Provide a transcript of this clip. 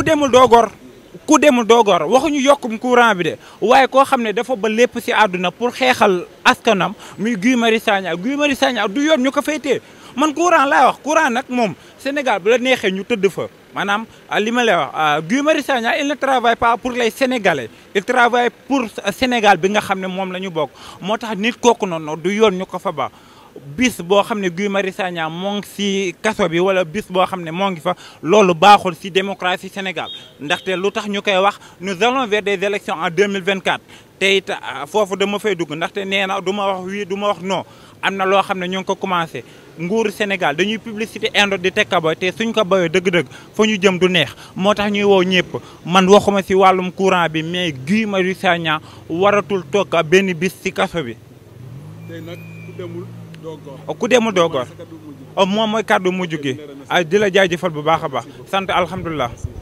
ku demul doo gor ku demul doo gor waxuñu yokkum courant bi de waaye koo xam ne dafa ba lépp si àdduna pour xeexal askanam muy Guy Marius Sagna Guy Marius Sagna du yoon ñu ko féetee man courant laa wax courant nag moom Sénégal bu la neexee ñu tëdd fa maanaam ah, li ma lay wax ah, Guy Marius Sagna il ne travaille pas pour les Sénégalais il travaille pour Sénégal bi nga xam ne moom la ñu bokk moo tax nit kooku noonu du yoon ñu ko fa ba bis boo xam ne Guy Marius Sagna moo ngi si kaso bi wala bis boo xam ne moo ngi fa loolu baaxul si démocratie Sénégal ndaxte lu tax ñu koy wax nous allons vers des élections en 2024 te it ah, foofu dama fay dugg ndaxte nee na du ma wax oui duma wax non am na loo xam ne ñoo ngi ko commencé nguuru Sénégal dañuy publicité indo di teg ka ba te suñ ko bayoo dëgg-dëgg fa ñu jëm du neex moo tax ñuy woo ñëpp man waxuma si wàllum courant bi mais Guy Marius Sagna waratul toog benn bis si kaso bi. tey Oh, ku deemul doo góor oh, moom mooy kàddu mujj gi ay ah, di jaajëfal bu baax a baax sant alhamdulilah